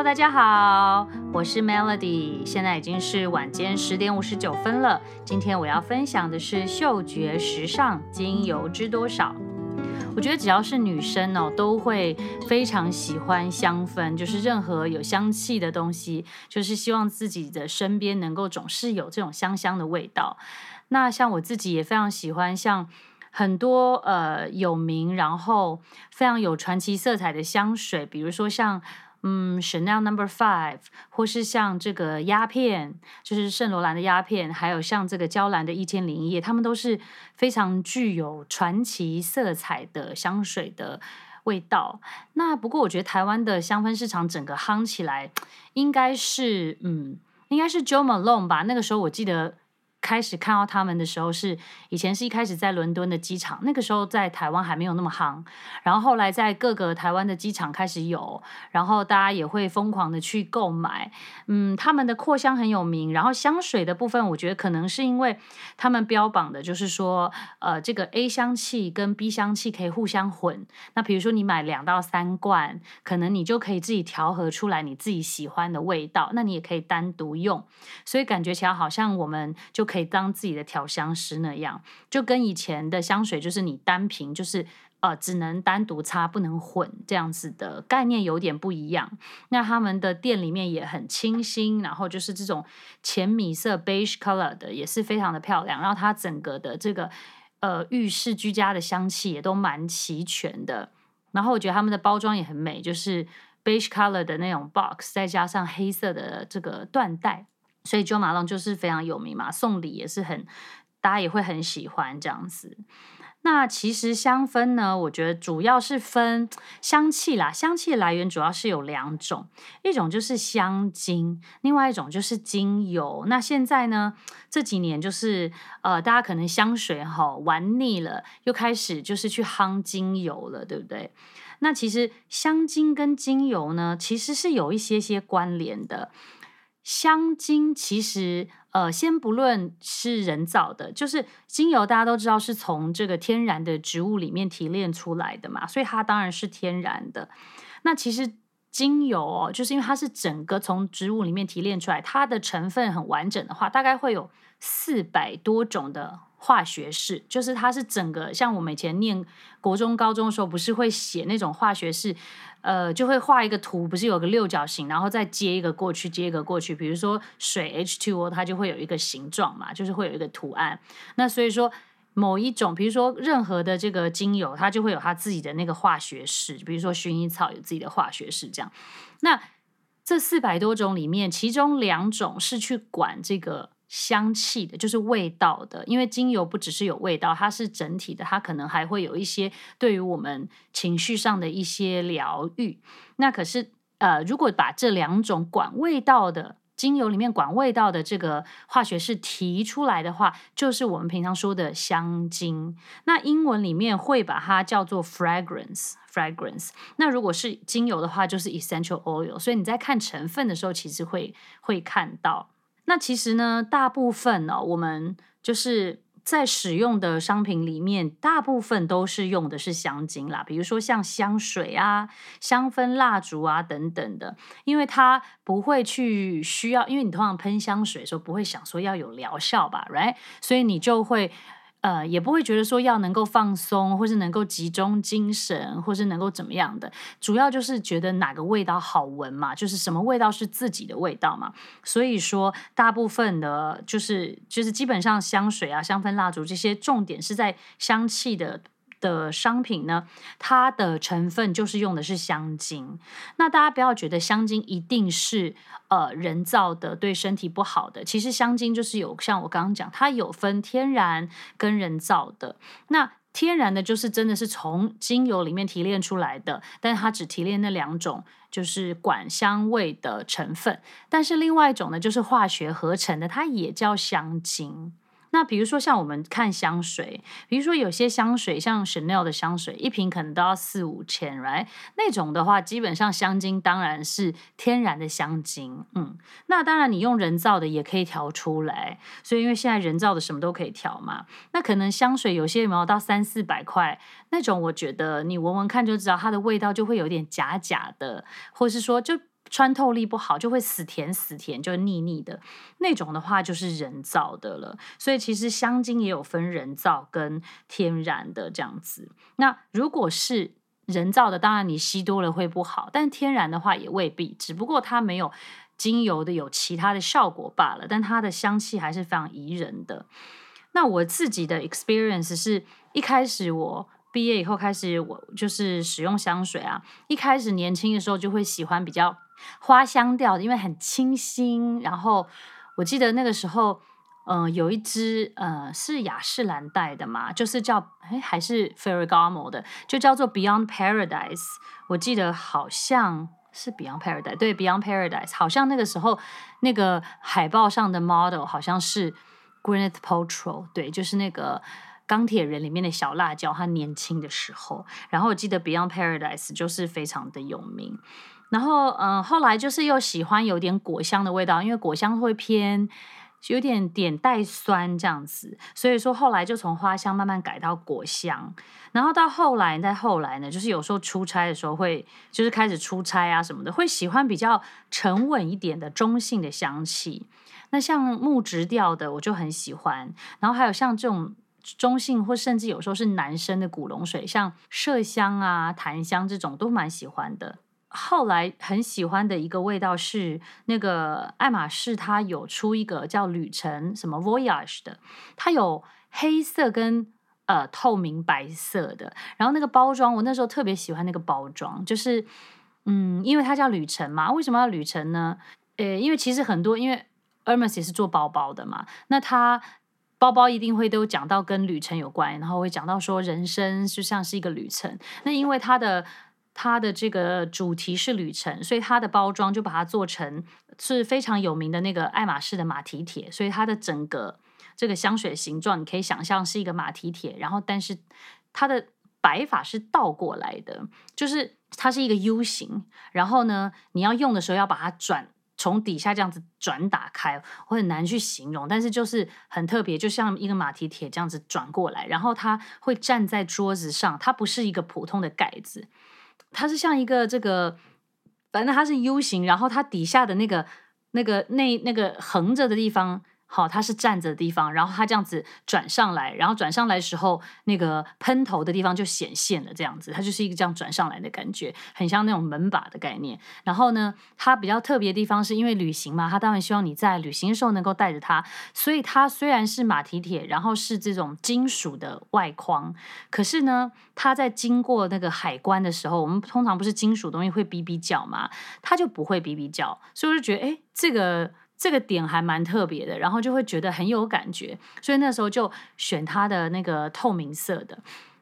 Hello，大家好，我是 Melody，現在已經是晚間十點五十九分了。今天我要分享的是嗅覺時尚精油知多少。我覺得只要是女生哦，都會非常喜歡香氛，就是任何有香氣的東西，就是希望自己的身邊能夠總是有這種香香的味道。那像我自己也非常喜歡，像很多呃有名，然後非常有傳奇色彩的香水，比如說像。嗯 Chanel Number Five，或是像這個鴉片，就是聖羅蘭的鴉片，還有像這個嬌蘭的《一千零一夜》，他們都是非常具有傳奇色彩的香水的味道。那不過我覺得台灣的香氛市場整個夯起來，應該是嗯，應該是 Jo Malone 吧。那個時候我記得。開始看到他們的時候是以前是一開始在倫敦的機場，那個時候在台灣還沒有那麼夯，然後後來在各個台灣的機場開始有，然後大家也會瘋狂的去購買，嗯，他們的擴香很有名，然後香水的部分，我覺得可能是因為他們標榜的就是說，呃，這個 A 香氣跟 B 香氣可以互相混，那比如說你買兩到三罐，可能你就可以自己調和出來你自己喜歡的味道，那你也可以單獨用，所以感覺起來好像我們就。可以當自己的調香師那樣，就跟以前的香水就是你單瓶就是呃只能單獨擦不能混這樣子的概念有點不一樣。那他們的店裡面也很清新，然後就是這種淺米色 beige color 的也是非常的漂亮。然後它整個的這個呃浴室居家的香氣也都蠻齊全的。然後我覺得他們的包裝也很美，就是 beige color 的那種 box，再加上黑色的這個緞帶。所以祖馬龍就是非常有名嘛，送禮也是很，大家也會很喜歡這樣子。那其實香氛呢，我覺得主要是分香氣啦，香氣的來源主要是有兩種，一種就是香精，另外一種就是精油。那現在呢，這幾年就是呃，大家可能香水好玩膩了，又開始就是去夯精油了，對不對？那其實香精跟精油呢，其實是有一些些關聯的。香精其實，呃，先不論是人造的，就是精油，大家都知道是從這個天然的植物裡面提煉出來的嘛，所以它當然是天然的。那其實精油哦，就是因為它是整個從植物裡面提煉出來，它的成分很完整的話，大概會有四百多種的化學式，就是它是整個像我們以前念國中、高中的時候，不是會寫那種化學式。呃，就會畫一個圖，不是有個六角形，然後再接一個過去，接一個過去。比如說水 H2O，它就會有一個形狀嘛，就是會有一個圖案。那所以說，某一種，比如說任何的這個精油，它就會有它自己的那個化學式。比如說薰衣草有自己的化學式，這樣。那這四百多種裡面，其中兩種是去管這個。香氣的，就是味道的，因為精油不只是有味道，它是整體的，它可能還會有一些對於我們情緒上的一些療癒。那可是，呃，如果把這兩種管味道的精油裡面管味道的這個化學式提出來的話，就是我們平常說的香精。那英文裡面會把它叫做 fragrance，fragrance。那如果是精油的話，就是 essential oil。所以你在看成分的時候，其實會會看到。那其實呢，大部分呢、哦，我們就是在使用的商品裡面，大部分都是用的是香精啦，比如說像香水啊、香氛蠟燭啊等等的，因為它不會去需要，因為你通常噴香水的時候不會想說要有療效吧，right？所以你就會。呃，也不會覺得說要能夠放鬆，或是能夠集中精神，或是能夠怎麼樣的，主要就是覺得哪個味道好聞嘛，就是什麼味道是自己的味道嘛。所以說，大部分的，就是就是基本上香水啊、香氛蠟燭這些，重點是在香氣的。的商品呢，它的成分就是用的是香精。那大家不要覺得香精一定是呃人造的，對身體不好的。其實香精就是有像我剛剛講，它有分天然跟人造的。那天然的，就是真的是從精油裡面提煉出來的，但是它只提煉那兩種，就是管香味的成分。但是另外一種呢，就是化學合成的，它也叫香精。那比如說像我們看香水，比如說有些香水像 Chanel 的香水，一瓶可能都要四五千，right？那種的話，基本上香精當然是天然的香精，嗯。那當然你用人造的也可以調出來，所以因為現在人造的什麼都可以調嘛。那可能香水有些有沒有到三四百塊，那種我覺得你聞聞看就知道它的味道就會有點假假的，或是說就。穿透力不好就會死甜死甜，就膩膩的那種的話就是人造的了。所以其實香精也有分人造跟天然的這樣子。那如果是人造的，當然你吸多了會不好，但天然的話也未必，只不過它沒有精油的有其他的效果罷了。但它的香氣還是非常宜人的。那我自己的 experience 是一開始我畢業以後開始我就是使用香水啊，一開始年輕的時候就會喜歡比較花香調的，因為很清新。然後我記得那個時候，嗯、呃，有一支，呃，是雅詩蘭黛的嘛，就是叫，哎，還是 Ferragamo 的，就叫做 Beyond Paradise。我記得好像是 Beyond Paradise，Beyond Paradise，對，Beyond Paradise。好像那個時候那個海報上的 model 好像是 Gwyneth Paltrow，對，就是那個鋼鐵人裡面的小辣椒，她年輕的時候。然後我記得 Beyond Paradise 就是非常的有名。然後，嗯，後來就是又喜歡有點果香的味道，因為果香會偏有點點帶酸這樣子，所以說後來就從花香慢慢改到果香。然後到後來再後來呢，就是有時候出差的時候會，就是開始出差啊什麼的，會喜歡比較沉穩一點的中性的香氣。那像木質調的我就很喜歡，然後還有像這種中性或甚至有時候是男生的古龍水，像麝香啊、檀香這種都蠻喜歡的。後來很喜歡的一個味道是那個愛馬仕，它有出一個叫旅程什麼 voyage 的，它有黑色跟呃透明白色的。然後那個包裝，我那時候特別喜歡那個包裝，就是嗯，因為它叫旅程嘛，為什麼要旅程呢？呃，因為其實很多，因為 Hermès 也是做包包的嘛，那它包包一定會都講到跟旅程有關，然後會講到說人生就像是一個旅程。那因為它的。它的這個主題是旅程，所以它的包裝就把它做成是非常有名的那個愛馬仕的馬蹄鐵。所以它的整個這個香水形狀，你可以想象是一個馬蹄鐵。然後，但是它的擺法是倒過來的，就是它是一個 U 型。然後呢，你要用的時候要把它轉，從底下這樣子轉打開，我很難去形容。但是就是很特別，就像一個馬蹄鐵這樣子轉過來，然後它會站在桌子上，它不是一個普通的蓋子。它是像一個這個，反正它是 U 型，然後它底下的那個、那個、那那個橫着的地方。好、哦，它是站着的地方，然後它這樣子轉上來，然後轉上來的時候，那個噴頭的地方就顯現了。這樣子，它就是一個這樣轉上來的感覺，很像那種門把的概念。然後呢，它比較特別的地方是因為旅行嘛，它當然希望你在旅行的時候能夠帶着它，所以它雖然是馬蹄鐵，然後是這種金屬的外框，可是呢，它在經過那個海關的時候，我們通常不是金屬東西會嗶嗶叫嘛，它就不會嗶嗶叫。所以我就覺得，誒，這個。這個點還蠻特別的，然後就會覺得很有感覺，所以那時候就選它的那個透明色的、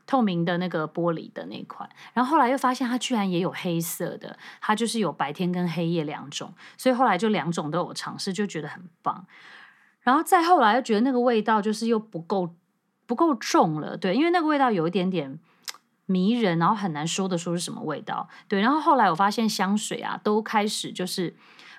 透明的那個玻璃的那一款。然後後來又發現它居然也有黑色的，它就是有白天跟黑夜兩種，所以後來就兩種都有嘗試，就覺得很棒。然後再後來又覺得那個味道就是又不夠不夠重了，對，因為那個味道有一點點迷人，然後很難說得出是什麼味道。對，然後後來我發現香水啊都開始就是。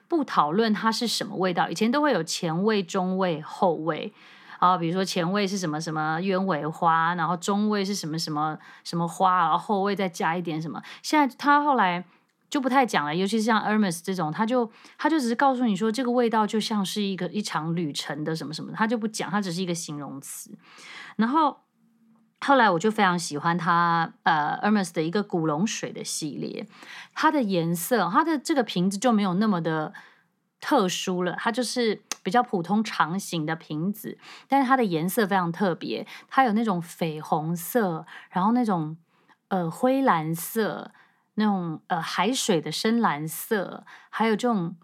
不討論它是什麼味道，以前都會有前味、中味、後味啊。比如說前味是什麼什麼鳶尾花，然後中味是什麼什麼什麼花，然後後味再加一點什麼。現在他後來就不太講了，尤其是像 Hermes 這種，他就他就只是告訴你說這個味道就像是一個一場旅程的什麼什麼，他就不講，他只是一個形容詞，然後。後來我就非常喜歡它，呃 Hermes 的一個古龍水的系列，它的顏色，它的這個瓶子就沒有那麼的特殊了，它就是比較普通長形的瓶子，但是它的顏色非常特別，它有那種緋紅色，然後那種呃灰藍色，那種呃海水的深藍色，還有這種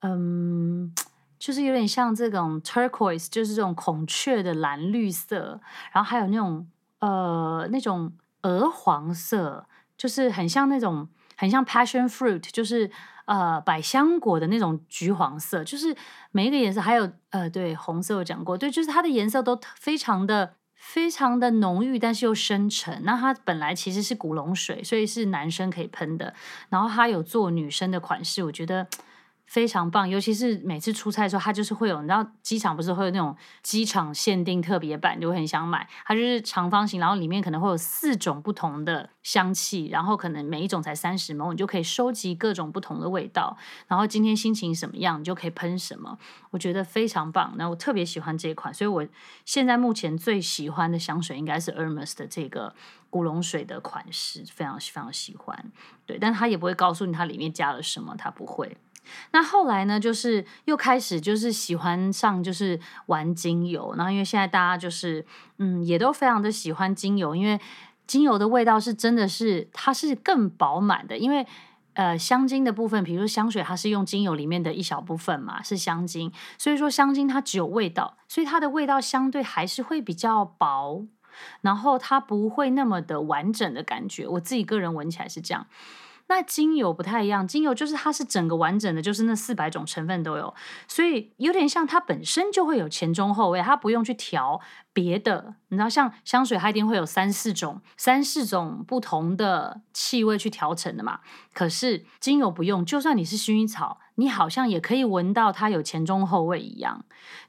嗯，就是有點像這種 turquoise，就是這種孔雀的藍綠色，然後還有那種。呃，那種鵝黃色，就是很像那種很像 passion fruit，就是呃百香果的那種橘黃色，就是每一個顏色，還有呃對紅色我講過，對，就是它的顏色都非常的非常的濃郁，但是又深沉。那它本來其實是古龍水，所以是男生可以噴的，然後它有做女生的款式，我覺得。非常棒，尤其是每次出差的時候，它就是會有，你知道，機場不是會有那種機場限定特別版，你就會很想買。它就是長方形，然後裡面可能會有四種不同的香氣，然後可能每一種才三十 ml，你就可以收集各種不同的味道。然後今天心情什麼樣，你就可以噴什麼。我覺得非常棒。那我特別喜歡這一款，所以我現在目前最喜歡的香水應該是 Hermès 的這個古龍水的款式，非常非常喜歡。對，但它也不會告訴你它裡面加了什麼，它不會。那後來呢，就是又開始就是喜歡上就是玩精油，然後因為現在大家就是嗯，也都非常的喜歡精油，因為精油的味道是真的是它是更飽滿的，因為呃香精的部分，比如說香水，它是用精油裡面的一小部分嘛是香精，所以說香精它只有味道，所以它的味道相對還是會比較薄，然後它不會那麼的完整的感覺，我自己個人聞起來是這樣。那精油不太一樣，精油就是它是整個完整的，就是那四百種成分都有，所以有點像它本身就會有前中後味，它不用去調別的。你知道，像香水它一定會有三四種、三四種不同的氣味去調成的嘛。可是精油不用，就算你是薰衣草，你好像也可以聞到它有前中後味一樣。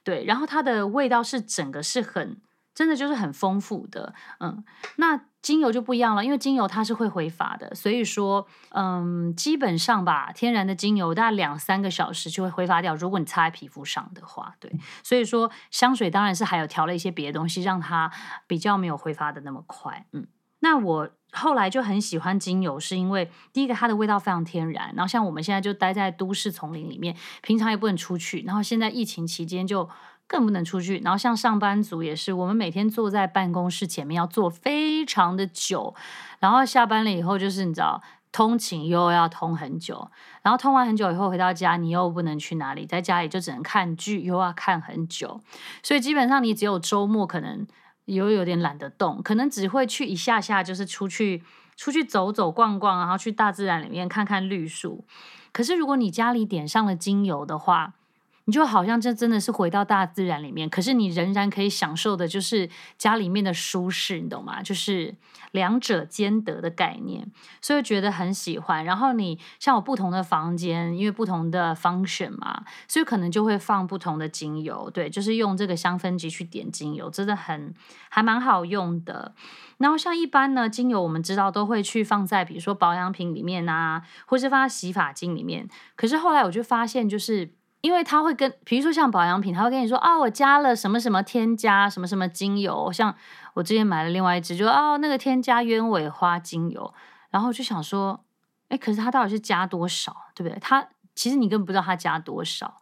對，然後它的味道是整個是很真的，就是很豐富的。嗯，那。精油就不一樣了，因為精油它是會揮發的，所以說，嗯，基本上吧，天然的精油大概兩三個小時就會揮發掉。如果你擦在皮膚上的話，對，所以說香水當然是還有調了一些別的東西，讓它比較沒有揮發的那麼快。嗯，那我後來就很喜歡精油，是因為第一個它的味道非常天然，然後像我們現在就待在都市叢林裡面，平常也不能出去，然後現在疫情期間就。更不能出去，然後像上班族也是，我們每天坐在辦公室前面要坐非常的久，然後下班了以後就是你知道，通勤又要通很久，然後通完很久以後回到家，你又不能去哪裡，在家裡就只能看劇，又要看很久，所以基本上你只有周末可能又有點懶得動，可能只會去一下下就是出去出去走走逛逛，然後去大自然裡面看看綠樹。可是如果你家裡點上了精油的話，你就好像這真的是回到大自然裡面，可是你仍然可以享受的，就是家裡面的舒適，你懂嗎？就是兩者兼得的概念，所以覺得很喜歡。然後你像我不同的房間，因為不同的 function 嘛，所以可能就會放不同的精油。對，就是用這個香氛機去點精油，真的很還蠻好用的。然後像一般呢，精油我們知道都會去放在比如說保養品裡面啊，或是放在洗髮精裡面。可是後來我就發現，就是因為它會跟，比如說像保養品，它會跟你說，哦，我加了什麼什麼添加什麼什麼精油。像我之前買了另外一支，就哦那個添加鳶尾花精油，然後就想說，誒，可是它到底是加多少，對不對？它其實你根本不知道它加多少，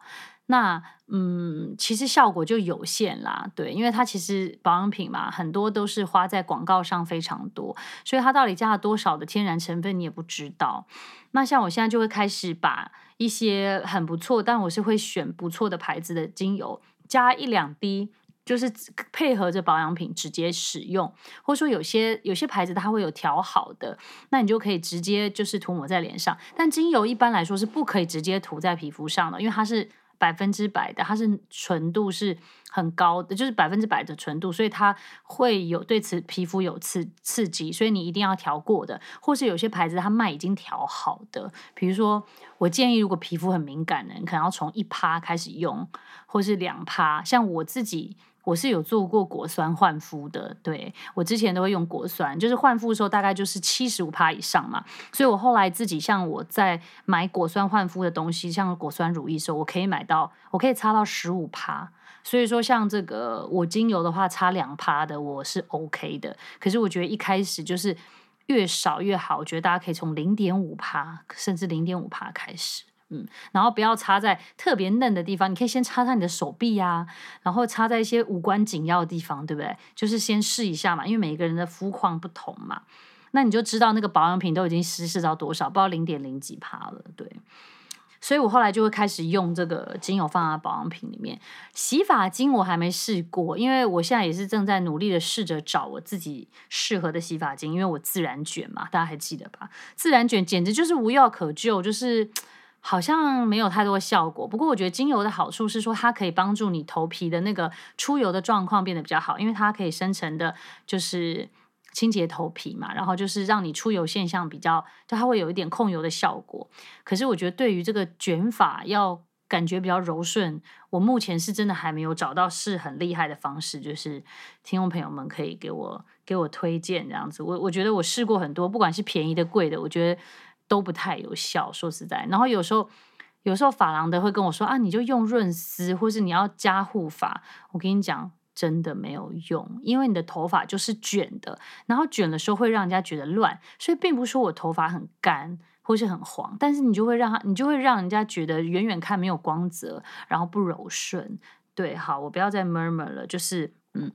那嗯，其實效果就有限啦，對，因為它其實保養品嘛，很多都是花在廣告上非常多，所以它到底加了多少的天然成分你也不知道。那像我現在就會開始把一些很不錯，但我是會選不錯的牌子的精油，加一兩滴，就是配合着保養品直接使用，或者說有些有些牌子它會有調好的，那你就可以直接就是塗抹在臉上。但精油一般來說是不可以直接塗在皮膚上的，因為它是。百分之百的，它是純度是很高的，就是百分之百的純度，所以它會有對此皮膚有刺刺激，所以你一定要調過的，或是有些牌子它賣已經調好的，比如說我建議，如果皮膚很敏感的，你可能要從一趴開始用，或是兩趴，像我自己。我是有做過果酸煥膚的，對，我之前都會用果酸，就是煥膚的時候大概就是七十五趴以上嘛，所以我後來自己像我在買果酸煥膚的東西，像果酸乳液的時候，我可以買到，我可以擦到十五趴，所以說像這個我精油的話擦，擦兩趴的我是 OK 的，可是我覺得一開始就是越少越好，我覺得大家可以從零點五趴甚至零點五趴開始。嗯，然後不要擦在特別嫩的地方，你可以先擦擦你的手臂呀、啊，然後擦在一些無關緊要的地方，對不對？就是先試一下嘛，因為每個人的膚況不同嘛，那你就知道那個保養品都已經稀釋到多少，不知道零點零幾趴了，對。所以我後來就會開始用這個精油放在保養品裡面，洗髮精我還沒試過，因為我現在也是正在努力的試着找我自己適合的洗髮精，因為我自然捲嘛，大家還記得吧？自然捲簡直就是無藥可救，就是。好像沒有太多效果，不過我覺得精油的好處是說它可以幫助你頭皮的那個出油的狀況變得比較好，因為它可以生成的，就是清潔頭皮嘛，然後就是讓你出油現象比較，就它會有一點控油的效果。可是我覺得對於這個捲髮要感覺比較柔順，我目前是真的還沒有找到是很厲害的方式，就是聽眾朋友們可以給我給我推薦這樣子。我我覺得我試過很多，不管是便宜的、貴的，我覺得。都不太有效，說實在，然後有時候有時候髮廊的會跟我說啊，你就用潤絲，或是你要加護髮，我跟你講，真的沒有用，因為你的頭髮就是捲的，然後捲的時候會讓人家覺得亂，所以並不是說我頭髮很乾或是很黃，但是你就會讓他，你就會讓人家覺得遠遠看沒有光澤，然後不柔順。對，好，我不要再 murmur 了，就是嗯，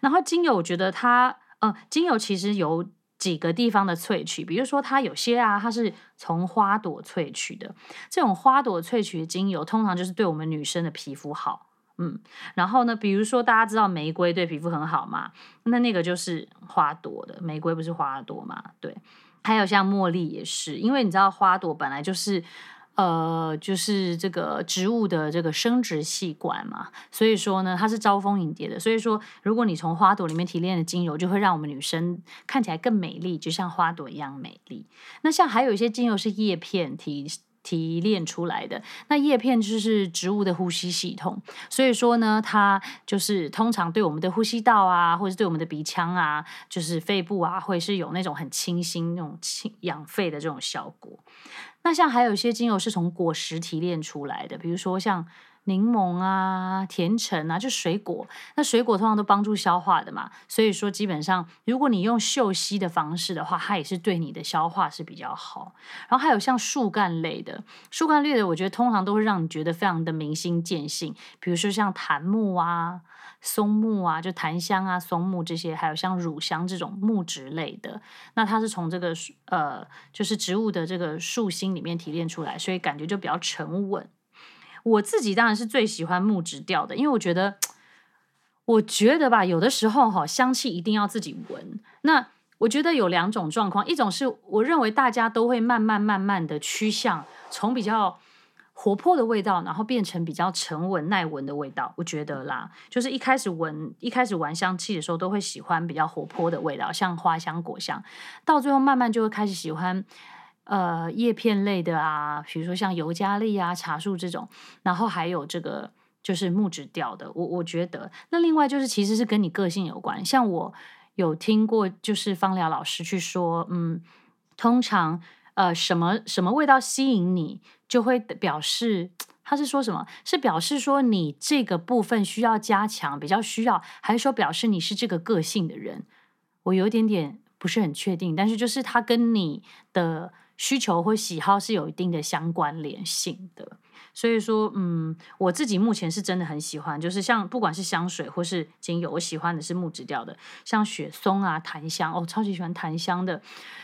然後精油，我覺得它，嗯、呃，精油其實有。幾個地方的萃取，比如說它有些啊，它是從花朵萃取的。這種花朵萃取的精油，通常就是對我們女生的皮膚好，嗯。然後呢，比如說大家知道玫瑰對皮膚很好嘛，那那個就是花朵的，玫瑰不是花朵嘛？對。還有像茉莉也是，因為你知道花朵本來就是。呃，就是這個植物的這個生殖器官嘛，所以說呢，它是招蜂引蝶的。所以說，如果你從花朵裡面提煉的精油，就會讓我們女生看起來更美麗，就像花朵一樣美麗。那像還有一些精油是葉片提。提煉出來的，那葉片就是植物的呼吸系統，所以說呢，它就是通常對我們的呼吸道啊，或者對我們的鼻腔啊，就是肺部啊，會是有那種很清新、那種清養肺的這種效果。那像還有一些精油是從果實提煉出來的，比如說像。檸檬啊，甜橙啊，就水果。那水果通常都幫助消化的嘛，所以說基本上，如果你用嗅吸的方式的話，它也是對你的消化是比較好。然後還有像樹幹類的，樹幹類的，我覺得通常都會讓你覺得非常的明心見性。比如說像檀木啊、松木啊，就檀香啊、松木這些，還有像乳香這種木質類的，那它是從這個呃，就是植物的這個樹心裡面提煉出來，所以感覺就比較沉穩。我自己當然是最喜歡木質調的，因為我覺得，我覺得吧，有的時候哈，香氣一定要自己聞。那我覺得有兩種狀況，一種是我認為大家都會慢慢慢慢的趨向從比較活潑的味道，然後變成比較沉穩耐聞的味道。我覺得啦，就是一開始聞，一開始玩香氣的時候，都會喜歡比較活潑的味道，像花香、果香，到最後慢慢就會開始喜歡。呃，葉片類的啊，比如說像尤加利啊、茶樹這種，然後還有這個就是木質調的。我我覺得，那另外就是其實是跟你個性有關。像我有聽過就是芳療老師去說，嗯，通常呃什麼什麼味道吸引你，就會表示他是說什麼？是表示說你這個部分需要加強，比較需要，還是說表示你是這個個性的人？我有一點點不是很確定，但是就是他跟你的。需求或喜好是有一定的相關聯性的，所以說，嗯，我自己目前是真的很喜歡，就是像不管是香水或是精油，我喜歡的是木質調的，像雪松啊、檀香，哦，超級喜歡檀香的，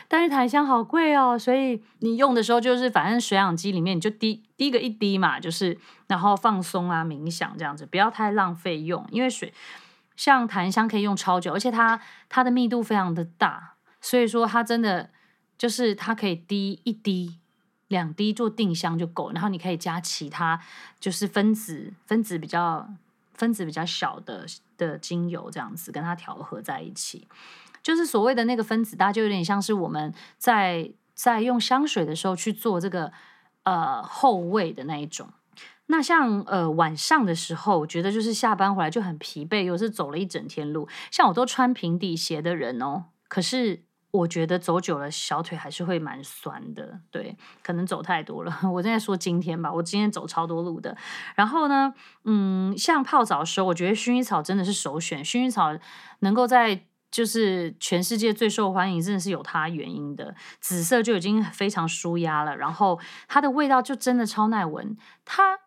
但是檀香好貴哦，所以你用的時候就是反正水氧機裡面你就滴滴個一滴嘛，就是然後放鬆啊、冥想這樣子，不要太浪費用，因為水像檀香可以用超久，而且它它的密度非常的大，所以說它真的。就是它可以滴一滴、兩滴做定香就夠，然後你可以加其他，就是分子分子比較分子比較小的的精油這樣子跟它調和在一起，就是所謂的那個分子大就有點像是我們在在用香水的時候去做這個呃後味的那一種。那像呃晚上的時候，我覺得就是下班回來就很疲憊，又是走了一整天路，像我都穿平底鞋的人哦，可是。我覺得走久了小腿還是會蠻酸的，對，可能走太多了。我正在說今天吧，我今天走超多路的。然後呢，嗯，像泡澡的時候，我覺得薰衣草真的是首選。薰衣草能夠在就是全世界最受歡迎，真的是有它原因的。紫色就已經非常舒壓了，然後它的味道就真的超耐聞。它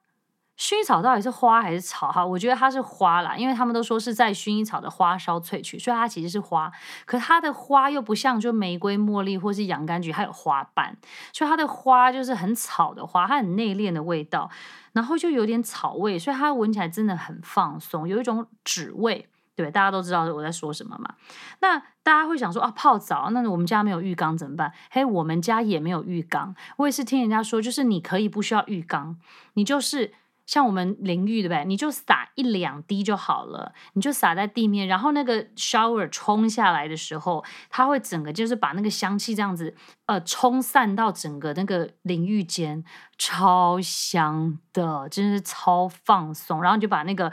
薰衣草到底是花還是草哈？我覺得它是花啦，因為他們都說是在薰衣草的花梢萃取，所以它其實是花。可是它的花又不像就玫瑰、茉莉或是洋甘菊，它有花瓣，所以它的花就是很草的花，它很內斂的味道，然後就有點草味，所以它聞起來真的很放鬆，有一種紙味，對，大家都知道我在說什麼嘛。那大家會想說啊，泡澡，那我們家沒有浴缸怎麼辦？嘿、hey，我們家也沒有浴缸，我也是聽人家說，就是你可以不需要浴缸，你就是。像我們淋浴對不對？你就撒一兩滴就好了，你就撒在地面，然後那個 shower 沖下來的時候，它會整個就是把那個香氣這樣子，呃，沖散到整個那個淋浴間，超香的，真是超放鬆。然後你就把那個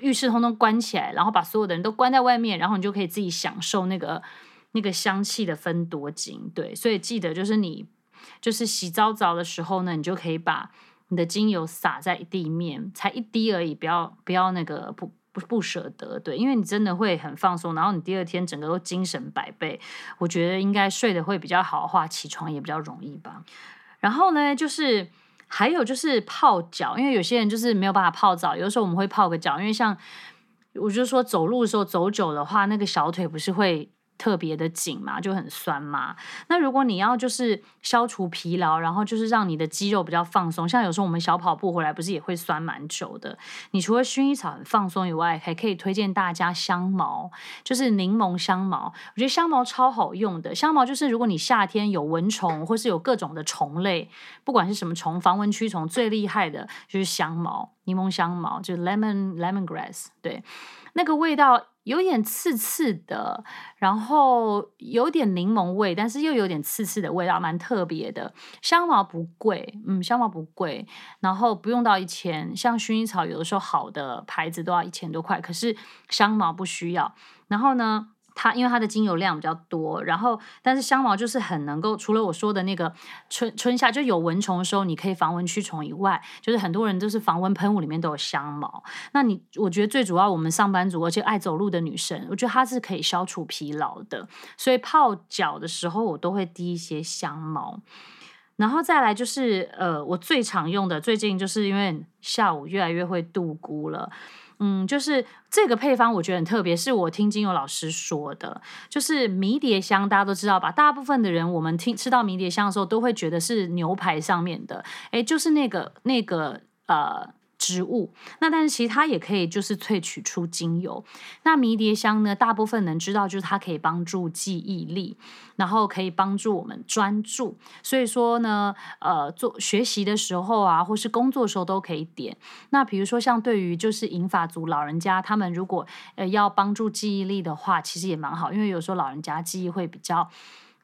浴室通通關起來，然後把所有的人都關在外面，然後你就可以自己享受那個那個香氣的芬多精，對。所以記得就是你就是洗澡澡的時候呢，你就可以把。你的精油灑在地面，才一滴而已，不要不要那個不不不捨得，對，因為你真的會很放鬆，然後你第二天整個都精神百倍，我覺得應該睡得會比較好的話，起床也比較容易吧。然後呢，就是還有就是泡腳，因為有些人就是沒有辦法泡澡，有時候我們會泡個腳，因為像我就說走路的時候走久的話，那個小腿不是會。特別的緊嘛，就很酸嘛。那如果你要就是消除疲勞，然後就是讓你的肌肉比較放鬆，像有時候我們小跑步回來不是也會酸蠻久的。你除了薰衣草很放鬆以外，還可以推薦大家香茅，就是檸檬香茅。我覺得香茅超好用的，香茅就是如果你夏天有蚊蟲，或是有各種的蟲類，不管是什麼蟲，防蚊驅蟲最厲害的就是香茅，檸檬香茅就是 lemon lemon grass，對，那個味道。有點刺刺的，然後有點檸檬味，但是又有點刺刺的味道，蠻特別的。香茅不貴，嗯，香茅不貴，然後不用到一千，像薰衣草有的時候好的牌子都要一千多塊，可是香茅不需要。然後呢，它因為它的精油量比較多，然後但是香茅就是很能夠，除了我說的那個春春夏就有蚊蟲的時候，你可以防蚊驅蟲以外，就是很多人都是防蚊噴霧裡面都有香茅。那你我覺得最主要，我們上班族而且愛走路的女生，我覺得它是可以消除疲勞的。所以泡腳的時候，我都會滴一些香茅。然後再來就是呃，我最常用的，最近就是因為下午越來越會度孤了。嗯，就是這個配方，我覺得很特別，是我聽金友老師說的。就是迷迭香，大家都知道吧？大部分的人，我們聽吃到迷迭香的時候，都會覺得是牛排上面的，誒，就是那個那個呃。植物，那但是其實它也可以就是萃取出精油。那迷迭香呢，大部分人知道就是它可以幫助記憶力，然後可以幫助我們專注。所以說呢，呃，做學習的時候啊，或是工作的時候都可以點。那比如說像對於就是銀髮族老人家，他們如果呃要幫助記憶力的話，其實也蠻好，因為有時候老人家記憶會比較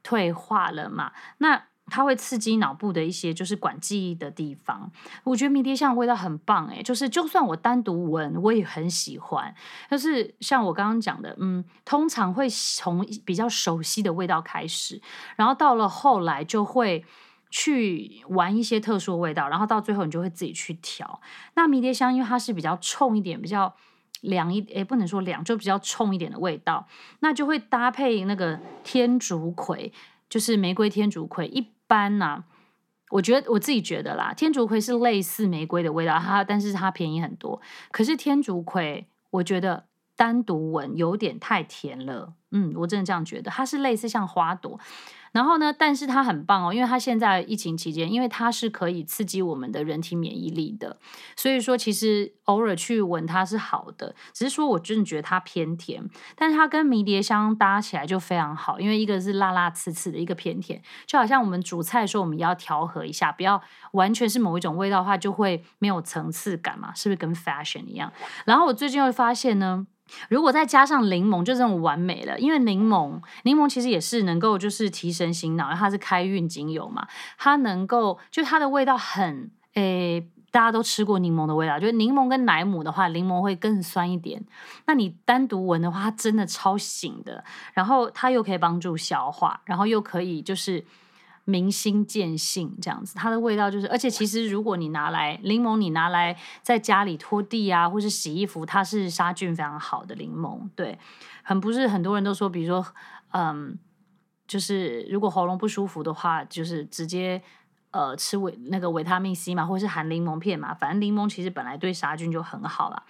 退化了嘛。那它會刺激腦部的一些，就是管記憶的地方。我覺得迷迭香味道很棒，欸，誒就是就算我單獨聞，我也很喜歡。就是像我剛剛講的，嗯，通常會從比較熟悉的味道開始，然後到了後來就會去玩一些特殊味道，然後到最後你就會自己去調。那迷迭香因為它是比較衝一點，比較涼一點，哎，不能說涼，就比較衝一點的味道，那就會搭配那個天竺葵。就是玫瑰天竺葵一般呢、啊，我覺得我自己覺得啦，天竺葵是類似玫瑰的味道，它但是它便宜很多。可是天竺葵，我覺得單獨聞有點太甜了。嗯，我真的這樣覺得，它是類似像花朵，然後呢，但是它很棒哦，因為它現在疫情期間，因為它是可以刺激我們的人體免疫力的，所以說其實偶爾去聞它是好的，只是說我真的覺得它偏甜，但是它跟迷迭香搭起來就非常好，因為一個是辣辣刺刺的，一個偏甜，就好像我們煮菜的時候，我們要調和一下，不要完全是某一種味道的話，就會沒有層次感嘛，是不是跟 fashion 一樣？然後我最近又發現呢。如果再加上檸檬，就這種完美了。因為檸檬，檸檬其實也是能夠就是提神醒腦，因為它是開運精油嘛。它能夠，就它的味道很，誒、欸，大家都吃過檸檬的味道。就是檸檬跟萊姆的話，檸檬會更酸一點。那你單獨聞的話，它真的超醒的。然後它又可以幫助消化，然後又可以就是。明心見性這樣子，它的味道就是，而且其實如果你拿來檸檬，你拿來在家裡拖地啊，或是洗衣服，它是殺菌非常好的檸檬。對，很不是很多人都說，比如說，嗯，就是如果喉嚨不舒服的話，就是直接呃吃維那個維他命 C 嘛，或是含檸檬片嘛，反正檸檬其實本來對殺菌就很好啦。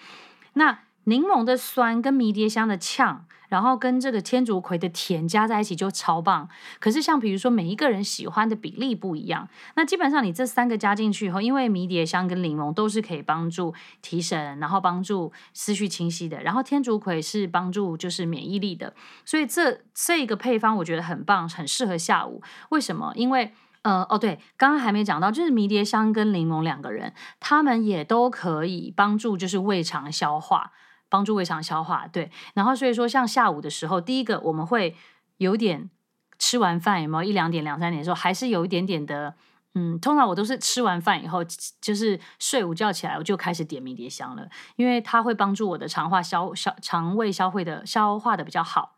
那檸檬的酸跟迷迭香的嗆，然後跟這個天竺葵的甜加在一起就超棒。可是像比如說每一個人喜歡的比例不一樣，那基本上你這三個加進去以後，因為迷迭香跟檸檬都是可以幫助提神，然後幫助思緒清晰的，然後天竺葵是幫助就是免疫力的，所以這這個配方我覺得很棒，很適合下午。為什麼？因為呃，哦對，剛剛還沒講到，就是迷迭香跟檸檬兩個人，他們也都可以幫助就是胃腸消化。幫助胃腸消化，對。然後，所以說像下午的時候，第一個我們會有點吃完飯，有沒有一兩點、兩三點的時候，還是有一點點的，嗯。通常我都是吃完飯以後，就是睡午覺起來，我就開始點迷迭香了，因為它會幫助我的腸化消消腸，腸胃消化的消化的比較好。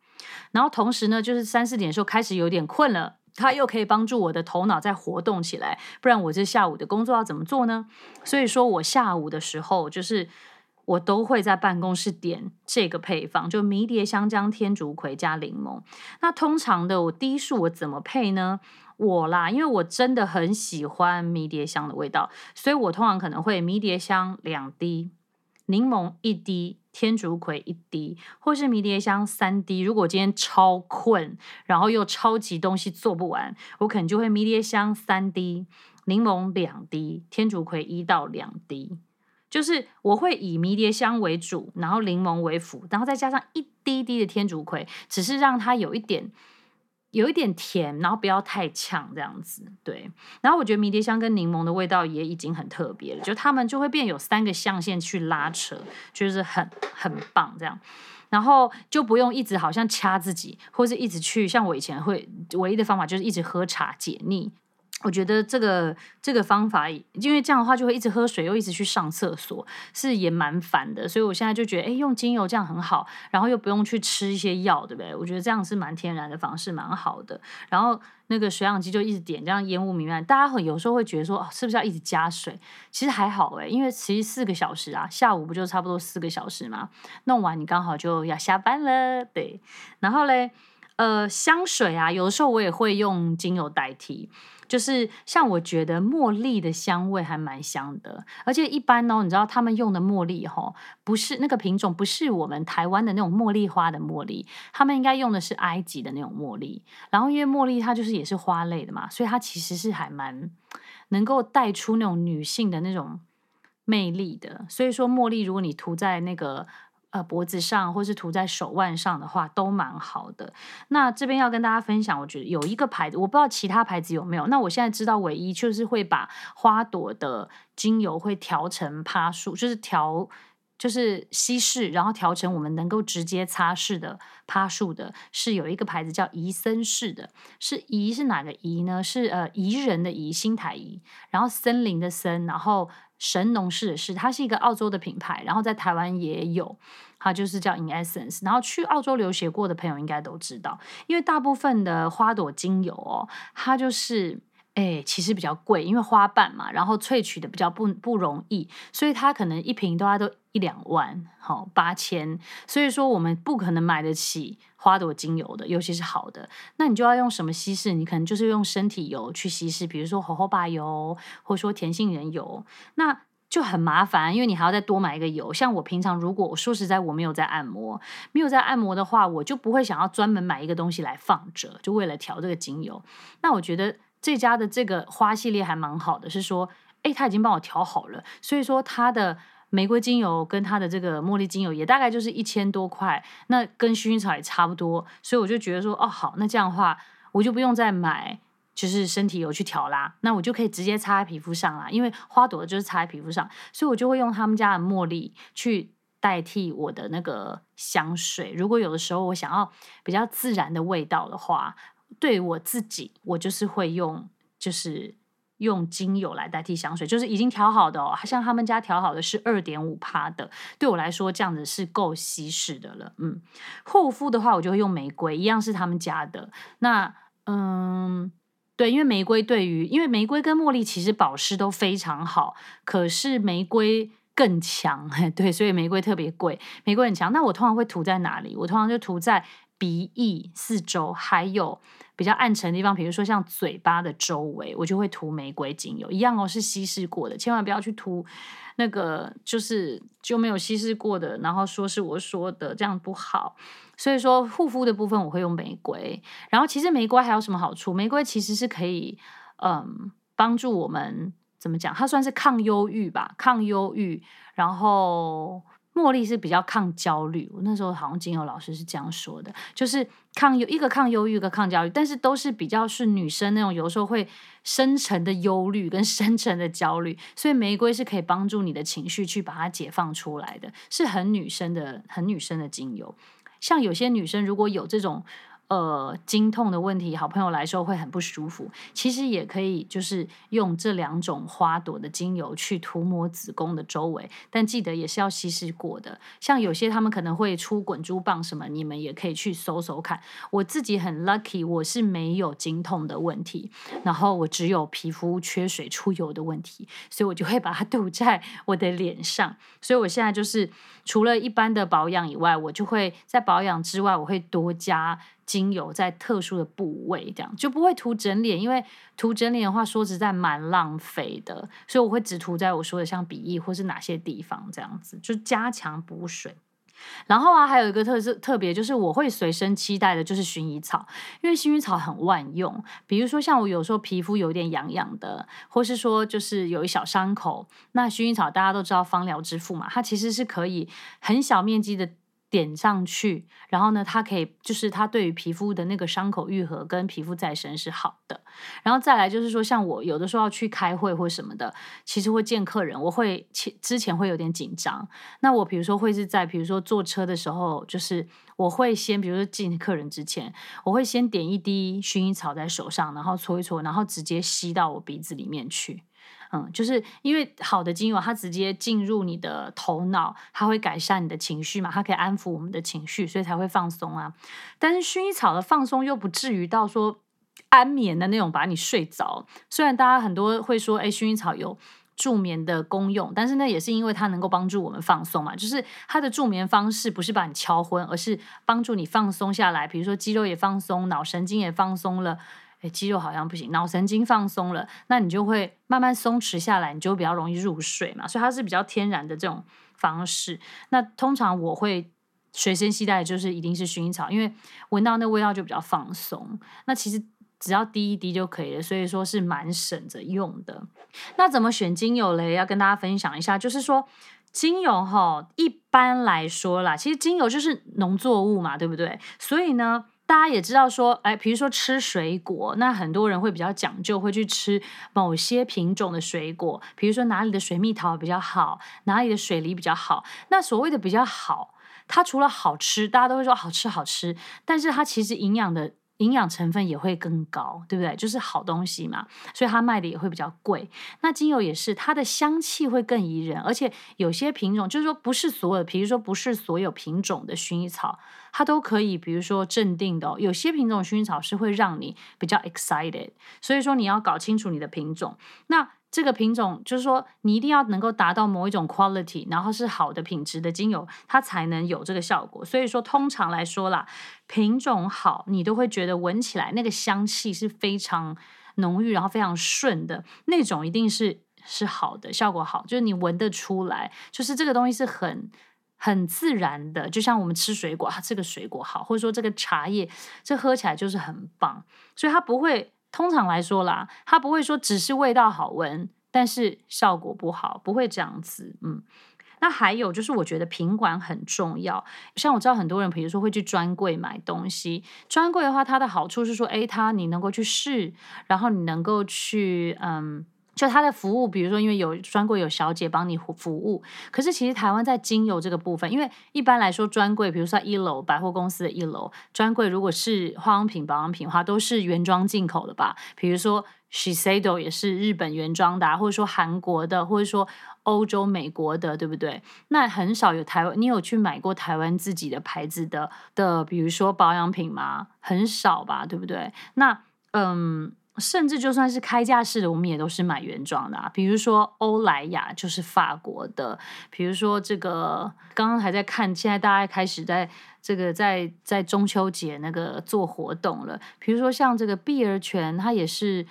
然後同時呢，就是三四點的時候開始有點困了，它又可以幫助我的頭腦再活動起來，不然我這下午的工作要怎麼做呢？所以說我下午的時候就是。我都會在辦公室點這個配方，就迷迭香、加天竺葵加檸檬。那通常的我滴數我怎麼配呢？我啦，因為我真的很喜歡迷迭香的味道，所以我通常可能會迷迭香兩滴，檸檬一滴，天竺葵一滴，或是迷迭香三滴。如果我今天超困，然後又超級東西做不完，我可能就會迷迭香三滴，檸檬兩滴，天竺葵一到兩滴。就是我會以迷迭香為主，然後檸檬為輔，然後再加上一滴滴的天竺葵，只是讓它有一點，有一點甜，然後不要太嗆這樣子。對，然後我覺得迷迭香跟檸檬的味道也已經很特別了，就它們就會變有三個象限去拉扯，就是很很棒這樣，然後就不用一直好像掐自己，或是一直去，像我以前會，唯一的方法就是一直喝茶，解膩。我覺得這個這個方法，因為這樣的話就會一直喝水，又一直去上廁所，是也蠻煩的。所以我現在就覺得，哎，用精油這樣很好，然後又不用去吃一些藥，對不對？我覺得這樣是蠻天然的方式，蠻好的。然後那個水氧機就一直點，這樣煙霧瀰漫。大家有時候會覺得說，哦，是不是要一直加水？其實還好哎，因為其實四個小時啊，下午不就差不多四個小時嘛，弄完你剛好就要下班了，對。然後嘞，呃，香水啊，有的時候我也會用精油代替。就是像我覺得茉莉的香味還蠻香的，而且一般哦，你知道他們用的茉莉吼，不是那個品種，不是我們台灣的那種茉莉花的茉莉，他們應該用的是埃及的那種茉莉。然後因為茉莉它就是也是花類的嘛，所以它其實是還蠻能夠帶出那種女性的那種魅力的。所以說茉莉，如果你塗在那個。呃，脖子上或是塗在手腕上的話，都蠻好的。那這邊要跟大家分享，我覺得有一個牌子，我不知道其他牌子有沒有。那我現在知道唯一就是會把花朵的精油會調成趴數，就是調就是稀釋，然後調成我們能夠直接擦拭的趴數的，是有一個牌子叫怡森氏的，是怡，是哪個怡呢？是呃怡人的怡，新台怡，然後森林的森，然後。神農氏的，它是一個澳洲的品牌，然後在台灣也有，它就是叫 In Essence。然後去澳洲留學過的朋友應該都知道，因為大部分的花朵精油哦，它就是哎、欸，其實比較貴，因為花瓣嘛，然後萃取的比較不不容易，所以它可能一瓶的話都。一兩萬好、哦、八千，所以說我們不可能買得起花朵精油的，尤其是好的。那你就要用什麼稀釋？你可能就是用身體油去稀釋，比如說荷荷巴油，或者說甜杏仁油，那就很麻煩，因為你還要再多買一個油。像我平常如果我說實在我沒有在按摩，沒有在按摩的話，我就不會想要專門買一個東西來放着，就為了調這個精油。那我覺得這家的這個花系列還蠻好的，是說哎，他已經幫我調好了，所以說他的。玫瑰精油跟它的這個茉莉精油也大概就是一千多塊，那跟薰衣草也差不多，所以我就覺得說，哦，好，那這樣的話我就不用再買，就是身體油去調啦，那我就可以直接擦在皮膚上啦，因為花朵就是擦在皮膚上，所以我就會用他們家的茉莉去代替我的那個香水。如果有的時候我想要比較自然的味道的話，對我自己，我就是會用，就是。用精油來代替香水，就是已經調好的哦。像他們家調好的是二點五趴的，對我來說這樣子是夠稀釋的了。嗯，護膚的話，我就會用玫瑰，一樣是他們家的。那，嗯，對，因為玫瑰對於，因為玫瑰跟茉莉其實保濕都非常好，可是玫瑰更強，嘿，對，所以玫瑰特別貴，玫瑰很強。那我通常會塗在哪裡？我通常就塗在鼻翼四周，還有。比較暗沉的地方，比如說像嘴巴的周圍，我就會塗玫瑰精油，一樣哦，是稀釋過的，千萬不要去塗那個就是就沒有稀釋過的，然後說是我說的這樣不好，所以說護膚的部分我會用玫瑰，然後其實玫瑰還有什麼好處？玫瑰其實是可以，嗯，幫助我們怎麼講？它算是抗憂鬱吧，抗憂鬱，然後。茉莉是比較抗焦慮，我那時候好像精油老師是這樣說的，就是抗憂一個抗憂鬱，一個抗焦慮，但是都是比較是女生那種有時候會深沉的憂慮跟深沉的焦慮，所以玫瑰是可以幫助你的情緒去把它解放出來的，是很女生的很女生的精油，像有些女生如果有這種。呃，經痛的問題，好朋友來說會很不舒服。其實也可以，就是用這兩種花朵的精油去塗抹子宮的周圍，但記得也是要稀釋過的。像有些他們可能會出滾珠棒什麼，你們也可以去搜搜看我自己很 lucky，我是沒有經痛的問題，然後我只有皮膚缺水出油的問題，所以我就會把它塗在我的臉上。所以我現在就是除了一般的保養以外，我就會在保養之外，我會多加。精油在特殊的部位，這樣就不會塗整臉，因為塗整臉的話，說實在蠻浪費的。所以我會只塗在我說的像鼻翼或是哪些地方這樣子，就加強補水。然後啊，還有一個特色特別就是我會隨身期待的就是薰衣草，因為薰衣草很萬用。比如說像我有時候皮膚有點癢癢的，或是說就是有一小傷口，那薰衣草大家都知道芳療之父嘛，它其實是可以很小面積的。點上去，然後呢，它可以就是它對於皮膚的那個傷口愈合跟皮膚再生是好的。然後再來就是說，像我有的時候要去開會或什麼的，其實會見客人，我會前之前會有點緊張。那我比如說會是在比如說坐車的時候，就是我會先比如說見客人之前，我會先點一滴薰衣草在手上，然後搓一搓，然後直接吸到我鼻子裡面去。嗯，就是因為好的精油它直接進入你的頭腦，它會改善你的情緒嘛，它可以安撫我們的情緒，所以才會放鬆啊。但是薰衣草的放鬆又不至於到說安眠的那種把你睡着。雖然大家很多會說，誒，薰衣草有助眠的功用，但是呢，也是因為它能夠幫助我們放鬆嘛，就是它的助眠方式不是把你敲昏，而是幫助你放鬆下來，比如說肌肉也放鬆，腦神經也放鬆了。肌肉好像不行，腦神經放鬆了，那你就會慢慢鬆弛下來，你就比較容易入睡嘛。所以它是比較天然的這種方式。那通常我會隨身攜帶的，就是一定是薰衣草，因為聞到那味道就比較放鬆。那其實只要滴一滴就可以了，所以說是蠻省着用的。那怎麼選精油呢？要跟大家分享一下，就是說精油哈、哦，一般來說啦，其實精油就是農作物嘛，對不對？所以呢。大家也知道說，誒，比如說吃水果，那很多人會比較講究，會去吃某些品種的水果，比如說哪裡的水蜜桃比較好，哪裡的水梨比較好。那所謂的比較好，它除了好吃，大家都會說好吃好吃，但是它其實營養的。營養成分也會更高，對不對？就是好東西嘛，所以它賣的也會比較貴。那精油也是，它的香氣會更宜人，而且有些品種，就是說不是所有，比如說不是所有品種的薰衣草，它都可以，比如說鎮定的，哦。有些品種薰衣草是會讓你比較 excited，所以說你要搞清楚你的品種。那這個品種就是說，你一定要能夠達到某一種 quality，然後是好的品質的精油，它才能有這個效果。所以說，通常來說啦，品種好，你都會覺得聞起來那個香氣是非常濃郁，然後非常順的那種，一定是是好的效果好，就是你聞得出來，就是這個東西是很很自然的，就像我們吃水果，這個水果好，或者說這個茶葉，這喝起來就是很棒，所以它不會。通常來說啦，它不會說只是味道好聞，但是效果不好，不會這樣子。嗯，那還有就是，我覺得品管很重要。像我知道很多人，比如說會去專櫃買東西，專櫃的話，它的好處是說，哎、欸，它你能夠去試，然後你能夠去，嗯。就它的服務，比如說，因為有專櫃有小姐幫你服服務。可是其實台灣在精油這個部分，因為一般來說專櫃，比如說在一樓百貨公司的一樓專櫃，如果是化妝品、保養品的話，都是原裝進口的吧？比如說 Shiseido 也是日本原裝的啊，或者說韓國的，或者說歐洲、美國的，對不對？那很少有台灣，你有去買過台灣自己的牌子的的，比如說保養品嗎？很少吧，對不對？那嗯。甚至就算是開架式的，我們也都是買原裝的啊。比如說歐萊雅就是法國的，比如說這個剛剛還在看，現在大家開始在這個在在中秋節那個做活動了。比如說像這個碧兒泉，它也是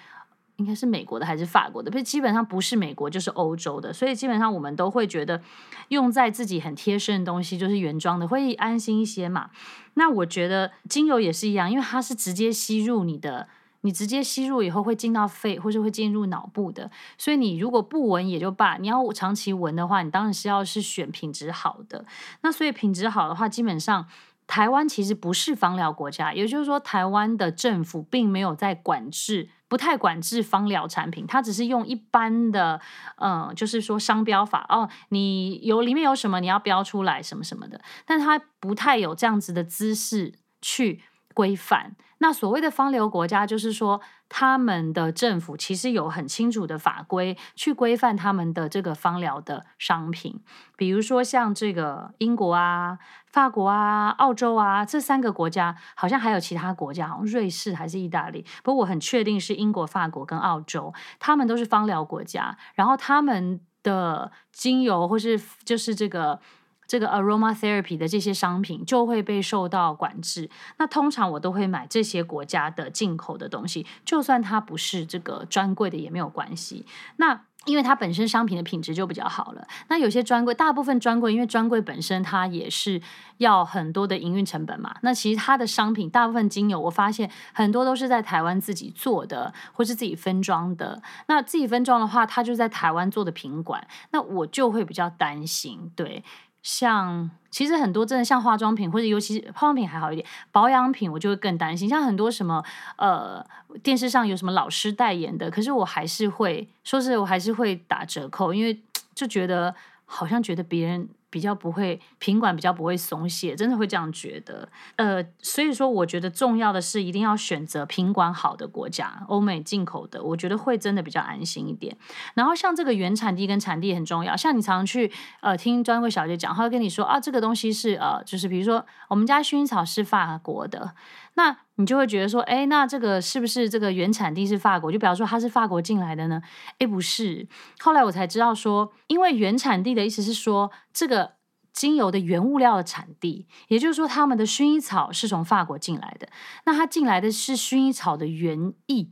應該是美國的還是法國的？不，基本上不是美國就是歐洲的。所以基本上我們都會覺得用在自己很貼身的東西就是原裝的會安心一些嘛。那我覺得精油也是一樣，因為它是直接吸入你的。你直接吸入以後會進到肺，或是會進入腦部的。所以你如果不聞也就罷，你要長期聞的話，你當然是要是選品質好的。那所以品質好的話，基本上台灣其實不是芳療國家，也就是說台灣的政府並沒有在管制，不太管制芳療產品，它只是用一般的，嗯、呃，就是說商標法哦，你有裡面有什麼你要標出來什麼什麼的，但它不太有這樣子的姿勢去。規範。那所謂的芳療國家，就是說他們的政府其實有很清楚的法規去規範他們的這個芳療的商品，比如說像這個英國啊、法國啊、澳洲啊這三個國家，好像還有其他國家，好像瑞士還是意大利，不過我很確定是英國、法國跟澳洲，他們都是芳療國家。然後他們的精油或是就是這個。這個 aromatherapy 的這些商品就會被受到管制。那通常我都會買這些國家的進口的東西，就算它不是這個專櫃的也沒有關係。那因為它本身商品的品質就比較好了。那有些專櫃，大部分專櫃因為專櫃本身它也是要很多的營運成本嘛。那其實它的商品大部分精油，我發現很多都是在台灣自己做的，或是自己分裝的。那自己分裝的話，它就在台灣做的品管，那我就會比較擔心，對。像其實很多真的像化妝品或者，尤其是化妝品還好一點，保養品我就會更擔心，像很多什麼呃，電視上有什麼老師代言的，可是我還是會，說是我還是會打折扣，因為就覺得好像覺得別人，比較不會品管，比較不會鬆懈，真的會這樣覺得。呃，所以說我覺得重要的是一定要選擇品管好的國家，歐美進口的，我覺得會真的比較安心一點。然後像這個原產地跟產地也很重要，像你常常去呃聽專櫃小姐講，她會跟你說啊，這個東西是呃就是比如說我們家薰衣草是法國的。那你就會覺得說，哎，那這個是不是這個原產地是法國？就比方說它是法國進來的呢？哎，不是。後來我才知道說，因為原產地的意思是說，這個精油的原物料的產地，也就是說，他們的薰衣草是從法國進來的。那它進來的是薰衣草的原液。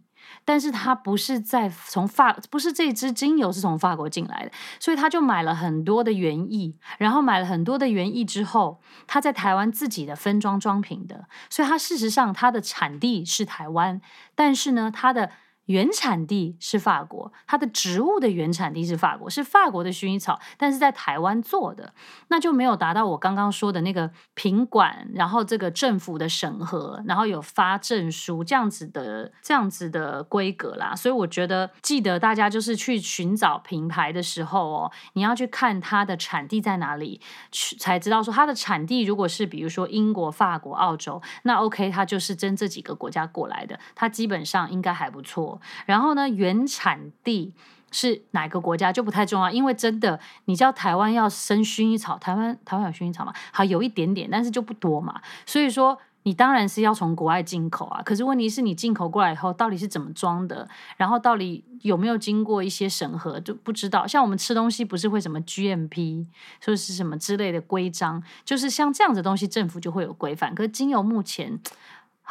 但是他不是在從法，不是這支精油是從法國進來的，所以他就買了很多的原液，然後買了很多的原液。之後，他在台灣自己的分裝裝瓶的，所以它事實上它的產地是台灣，但是呢，它的。原產地是法國，它的植物的原產地是法國，是法國的薰衣草，但是在台灣做的，那就沒有達到我剛剛說的那個品管，然後這個政府的審核，然後有發證書這樣子的這樣子的規格啦。所以我覺得，記得大家就是去尋找品牌的時候哦，你要去看它的產地在哪裡去，才知道說它的產地如果是比如說英國、法國、澳洲，那 OK，它就是真這幾個國家過來的，它基本上應該還不錯。然後呢，原產地是哪個國家就不太重要，因為真的你知道台灣要生薰衣草，台灣台灣有薰衣草嗎？好，有一點點，但是就不多嘛。所以說你當然是要從國外進口啊。可是問題是你進口過來以後到底是怎麼裝的，然後到底有沒有經過一些審核就不知道。像我們吃東西不是會什麼 GMP，就是什麼之類的規章，就是像這樣子的東西政府就會有規範。可是精油目前。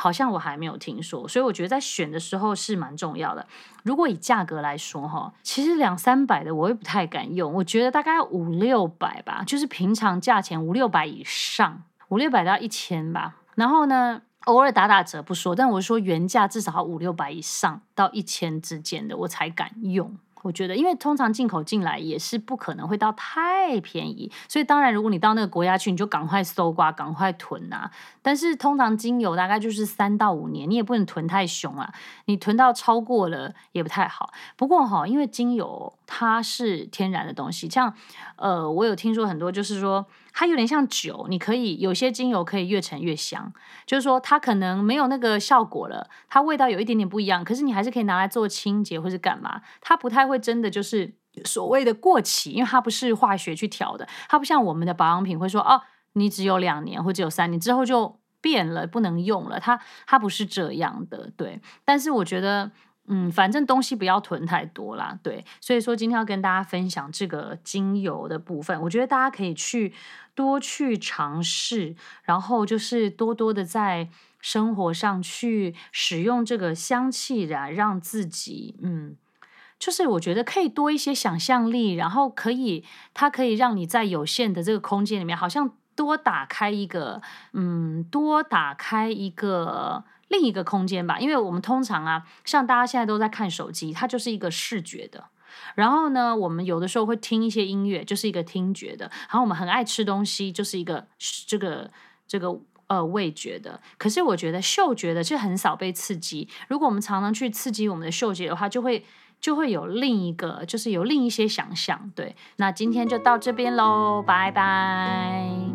好像我還沒有聽說，所以我覺得在選的時候是蠻重要的。如果以價格來說，哈，其實兩三百的我也不太敢用，我覺得大概五六百吧，就是平常價錢五六百以上，五六百到一千吧。然後呢，偶爾打打折不說，但我說原價至少要五六百以上到一千之間的我才敢用。我覺得，因為通常進口進來也是不可能會到太便宜，所以當然，如果你到那個國家去，你就趕快搜刮，趕快囤啊。但是通常精油大概就是三到五年，你也不能囤太兇啊，你囤到超過了也不太好。不過哈、哦，因為精油它是天然的東西，像呃，我有聽說很多就是說。它有點像酒，你可以有些精油可以越陳越香，就是說它可能沒有那個效果了，它味道有一點點不一樣，可是你還是可以拿來做清潔或是幹嘛。它不太會真的就是所謂的過期，因為它不是化學去調的，它不像我們的保養品會說哦，你只有兩年或只有三年之後就變了不能用了，它它不是這樣的。對，但是我覺得。嗯，反正東西不要囤太多啦，對，所以說今天要跟大家分享這個精油的部分，我覺得大家可以去多去嘗試，然後就是多多的在生活上去使用這個香氣啊，來讓自己，嗯，就是我覺得可以多一些想象力，然後可以它可以讓你在有限的這個空間裡面，好像多打開一個，嗯，多打開一個。另一個空間吧，因為我們通常啊，像大家現在都在看手機，它就是一個視覺的。然後呢，我們有的時候會聽一些音樂，就是一個聽覺的。然後我們很愛吃東西，就是一個這個這個呃味覺的。可是我覺得嗅覺的卻很少被刺激。如果我們常常去刺激我們的嗅覺的話，就會就會有另一個，就是有另一些想象。對，那今天就到這邊嘍，拜拜。